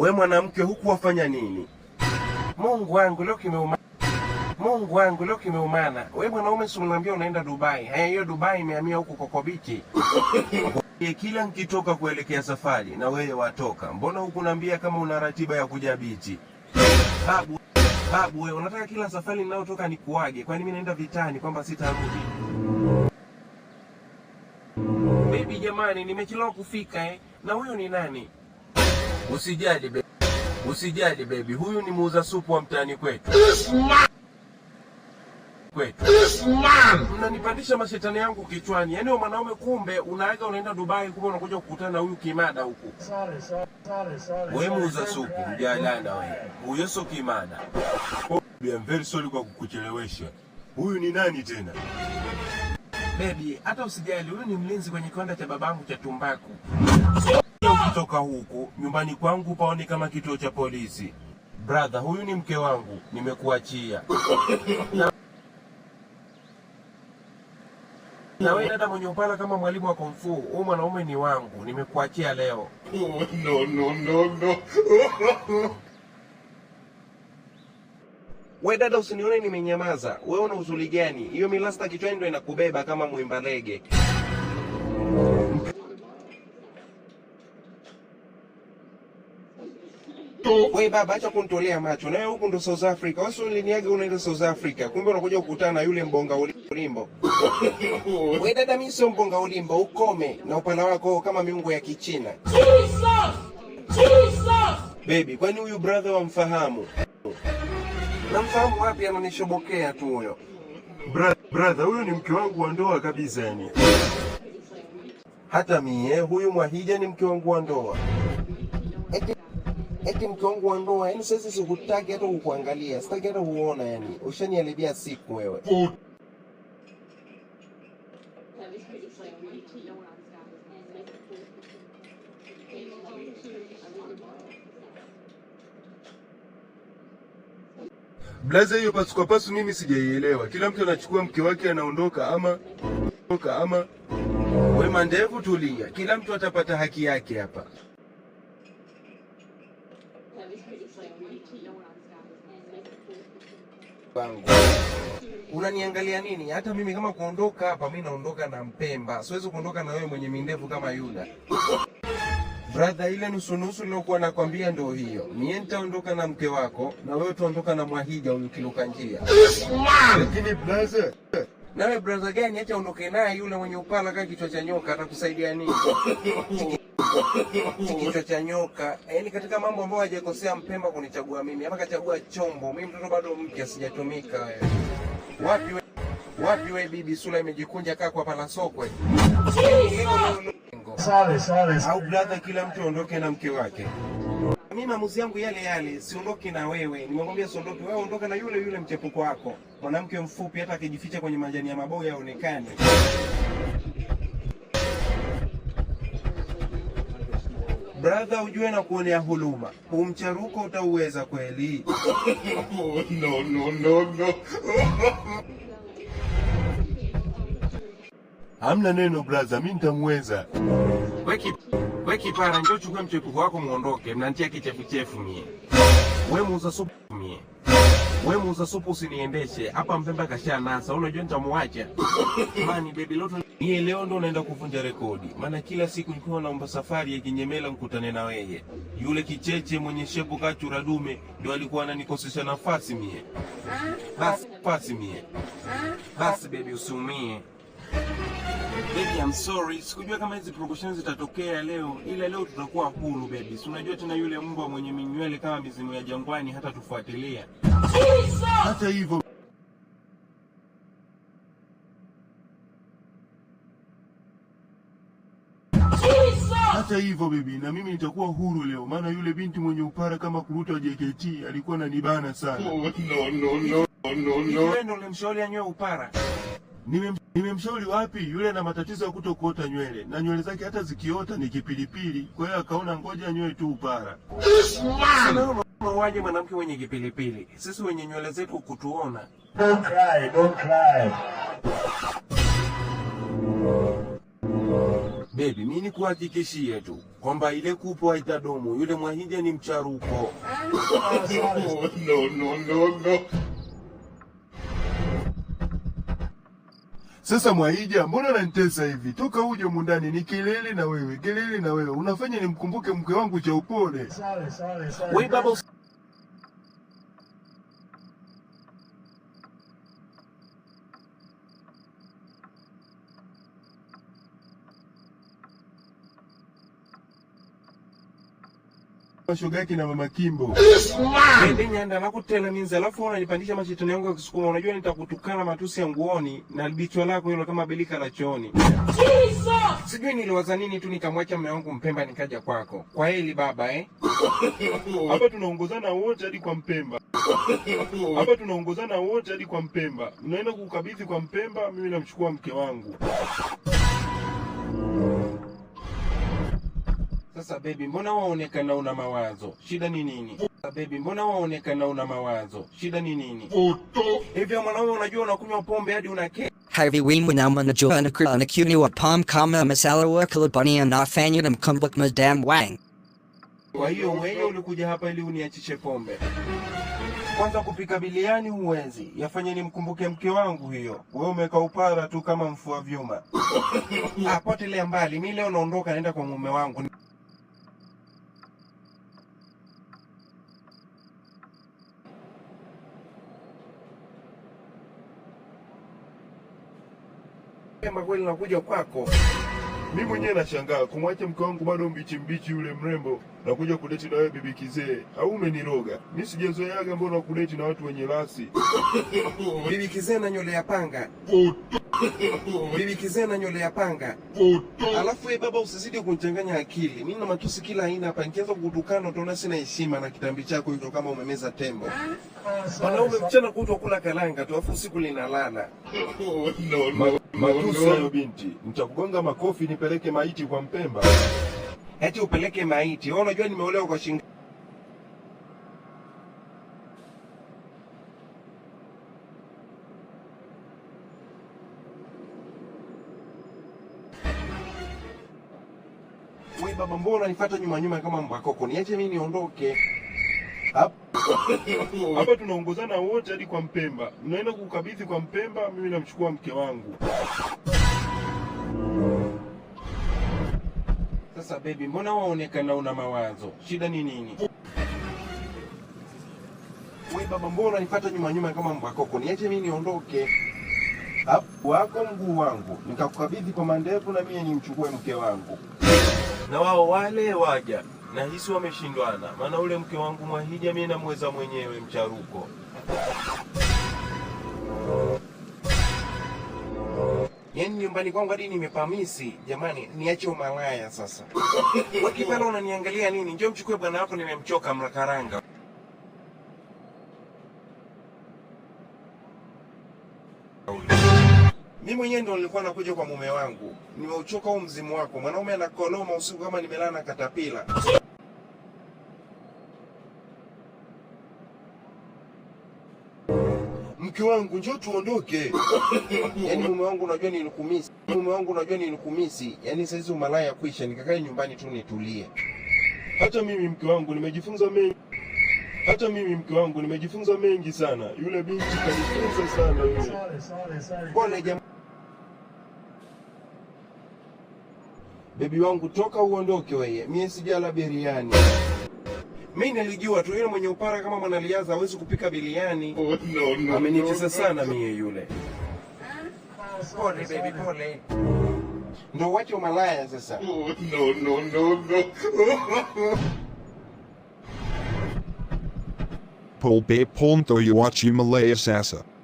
we mwanamke, huku wafanya nini? Mungu wangu leo kimeuma, Mungu wangu leo kimeumana. We mwanaume, si unaenda Dubai? Haya, eh, hiyo Dubai imehamia huku kokobiki kila nkitoka kuelekea safari na wewe watoka, mbona hukuniambia kama una ratiba ya kuja biti? Babu, babu wewe unataka kila safari ninayotoka nikuage? Kwani mimi naenda vitani kwamba sitarudi? Baby jamani, nimechelewa kufika eh. Na huyo ni nani? Usijali baby. Usijali baby. Huyu ni muuza supu wa mtaani kwetu. Kwetu. Mnanipandisha mashetani yangu kichwani. Yaani wewe mwanaume kumbe unaaga unaenda Dubai kumbe unakuja kukutana na huyu kimada huku. Sorry, sorry, sorry. Wewe muuza supu mjalana wewe. Huyo sio kimada. I'm very sorry kwa kukuchelewesha. Huyu ni nani tena? Baby, hata usijali, huyu ni mlinzi kwenye kiwanda cha babangu cha tumbaku. Nikitoka huku nyumbani kwangu paone kama kituo cha polisi. Brother, huyu ni mke wangu, nimekuachia na wewe dada mwenye upala kama mwalimu wa kumfu, huyu mwanaume ni wangu, nimekuachia leo. Oh, no, no, no, no. We dada, usinione nimenyamaza. Wewe una uzuri gani? Hiyo milasta kichwani ndio inakubeba kama mwimba rege. We baba, acha kunitolea macho. Nawe huku ndo South Africa. Wasi uliniaga unaenda South Africa. Kumbe unakuja kukutana na yule mbonga ulimbo. We dada, mimi sio mbonga ulimbo, ukome na upana wako kama miungu ya Kichina. Jesus! Jesus! Baby, kwani huyu brother wamfahamu? Namfahamu wapi? Ananishobokea tu huyo. Bra brother, huyu ni mke wangu wa ndoa kabisa yani. Hata mie, huyu Mwahija ni mke wangu wa ndoa eti mke wangu wa ndoa, yani sasa sikutaki hata kukuangalia, sitaki hata kuona, yani ushaniharibia siku wewe. Blaza hiyo pasu mimi sijaielewa. Kila mtu anachukua mke wake anaondoka, ama ama we mandevu, tulia, kila mtu atapata haki yake hapa. wangu unaniangalia nini? Hata mimi kama kuondoka hapa, mimi naondoka na Mpemba, siwezi kuondoka na wewe mwenye mindevu kama Yuda. Brother, ile nusu nusu niliokuwa nakwambia ndio hiyo. Mie nitaondoka na mke wako na wewe utaondoka na Mwahija huyu kiluka njia. Lakini brother Nawe brother gani acha unoke naye yule mwenye upala kaa kichwa cha nyoka atakusaidia nini? Kichwa cha nyoka. Yaani katika mambo ambayo hajakosea Mpemba kunichagua mimi. Hapa kachagua chombo. Mimi mtoto bado mpya sijatumika Wapi we, wapi we bibi Sula imejikunja kaa kwa pala sokwe. Sare sare. Au brother kila mtu aondoke na mke wake mimi maamuzi yangu yale yale, siondoki na wewe. Nimemwambia siondoki wewe, ondoka na yule yule mchepuko wako, mwanamke mfupi, hata akijificha kwenye majani ya maboga aonekane. bratha ujue na kuonea huluma, umcharuko utauweza kweli? Oh, no, no, no, no. Hamna neno brother, mimi nitamuweza. We kipara, njoo chukue mchepuko wako muondoke, mnantia chefu mie. We muuza supu mie. We muuza supu usiniendeshe. Hapa Mpemba kasha nasa, unajua nitamuacha. Mani baby loto nie leo ndo naenda kuvunja rekodi. Maana kila siku nilikuwa naomba safari ya kinyemela mkutane na wewe. Yule kicheche mwenye shepu kachura dume ndio alikuwa ananikosesha nafasi mie. Ah. Basi, basi mie. Ah. Basi baby usiumie. Baby, I'm sorry. Sikujua kama hizi promotions zitatokea leo, ila leo tutakuwa huru baby. Si unajua tena yule mbwa mwenye minywele kama mizimu ya jangwani hata tufuatilia. Hata hivyo hata hivyo bibi, na mimi nitakuwa huru leo, maana yule binti mwenye upara kama kuruta JKT alikuwa na nibana sana. Oh, no, no, no, no, no. Ndio ulimshauri anywe upara nimemshauri wapi yule na matatizo ya kutokuota nywele na nywele zake hata zikiota ni kipilipili. Kwa hiyo akaona ngoja nywele tu upara. Mauaji mwanamke mwenye kipilipili, sisi wenye nywele zetu kutuona. Don't cry, don't cry. Baby, mimi nikuhakikishie tu kwamba ile kupo haitadumu. Yule Mwahindi ni mcharuko. Oh, no, no, no, no. Sasa Mwaija, mbona unanitesa hivi? Toka uje humu ndani ni kilele na wewe, kilele na wewe. Unafanya nimkumbuke mke wangu cha upole. Sawa sawa sawa. Wewe baba shoga na mama Kimbo. Mimi nyanda kutela minza, alafu unanipandisha mashetani yangu ya Kisukuma. Unajua nitakutukana matusi ya nguoni na bichwa lako hilo kama bilika la chooni. Sijui niliwaza nini tu nikamwacha mume wangu Mpemba nikaja kwako. Kwa heli baba eh. Hapa tunaongozana wote hadi kwa Mpemba. Hapa tunaongozana wote hadi kwa Mpemba. Unaenda kukabidhi kwa Mpemba, mimi namchukua mke wangu. Sasa baby, mbona waonekana una mawazo? Shida ni nini? Sasa baby, mbona waonekana una mawazo? Shida ni nini? Hivi mwanaume, unajua unakunywa pombe hadi unake Harvey Wien na anajua na kuni wa pom kama masalawa kalabani anafanya na mkumbuk Madam Wang. Kwa hiyo wewe ulikuja hapa ili uniachishe pombe? Kwanza kupika biliani huwezi, yafanye nimkumbuke mke wangu hiyo. Wewe umeka upara tu kama mfua vyuma. Apotelea mbali, mimi leo naondoka, naenda kwa mume wangu. Mema kweli nakuja kwako. Mimi mwenyewe nashangaa kumwacha mke wangu bado mbichi mbichi yule mrembo na kuja kudeti na wewe bibi kizee. Au umeniroga? Mimi sijazoeaga mbona kudeti na watu wenye rasi. bibi kizee na nywele ya panga. bibi kizee na nywele ya panga. Alafu wewe baba usizidi kunichanganya akili. Mimi na matusi kila aina hapa. Nikianza kukutukana utaona sina heshima na kitambi chako hicho kama umemeza tembo. Ah, ah, Wanaume mchana kutwa kula kalanga tu afu usiku linalala. no, no matusi hayo binti, nitakugonga makofi nipeleke maiti kwa Mpemba. Eti upeleke maiti? Wewe unajua nimeolewa kwa shingo Wewe baba, mbona unanifuata nyuma nyuma kama mbwa koko? Niache mimi niondoke hapa hapa tunaongozana wote hadi kwa Mpemba. Mnaenda kukabidhi kwa Mpemba, mimi namchukua mke wangu. Sasa baby, mbona waonekana una mawazo? Shida ni nini? Wewe baba, mbona unanipata nyuma nyuma kama mbwa koko? Niache mimi niondoke. Hapo ah, wako mguu wangu, nikakukabidhi kwa mandevu na mimi nimchukue mke wangu. Na wao wale waja nahisi wameshindwana, maana ule mke wangu Mwahija mimi namweza mwenyewe mcharuko. yani nyumbani kwangu hadi nimepamisi, jamani, niache umalaya sasa. Wakipale unaniangalia nini? Njoo mchukue bwana wako, nimemchoka mrakaranga. Mimi mwenyewe ndo nilikuwa nakuja kwa mume wangu, nimeuchoka huu mzimu wako. Mwanaume anakoloma usiku kama nimelala na katapila. mke wangu njoo tuondoke. Yaani mume wangu unajua nilikumisi. Mume wangu unajua nilikumisi. Yaani sasa hizo malaya kuisha nikakae nyumbani tu nitulie. Hata mimi mke wangu nimejifunza mengi. Hata mimi mke wangu nimejifunza mengi sana. Yule binti kanifunza sana yule. Pole jamaa. Bebi wangu toka uondoke wewe. Mimi sijala biriani. Mimi nilijua tu yule mwenye upara kama mwanaliaza hawezi kupika biliani. Oh, no, no, amenitesa no, sana no. Mie yule pole baby, pole ndo wache umalaya sasa. Oh, no, no, no, no. Pole be you watch Himalaya sasa.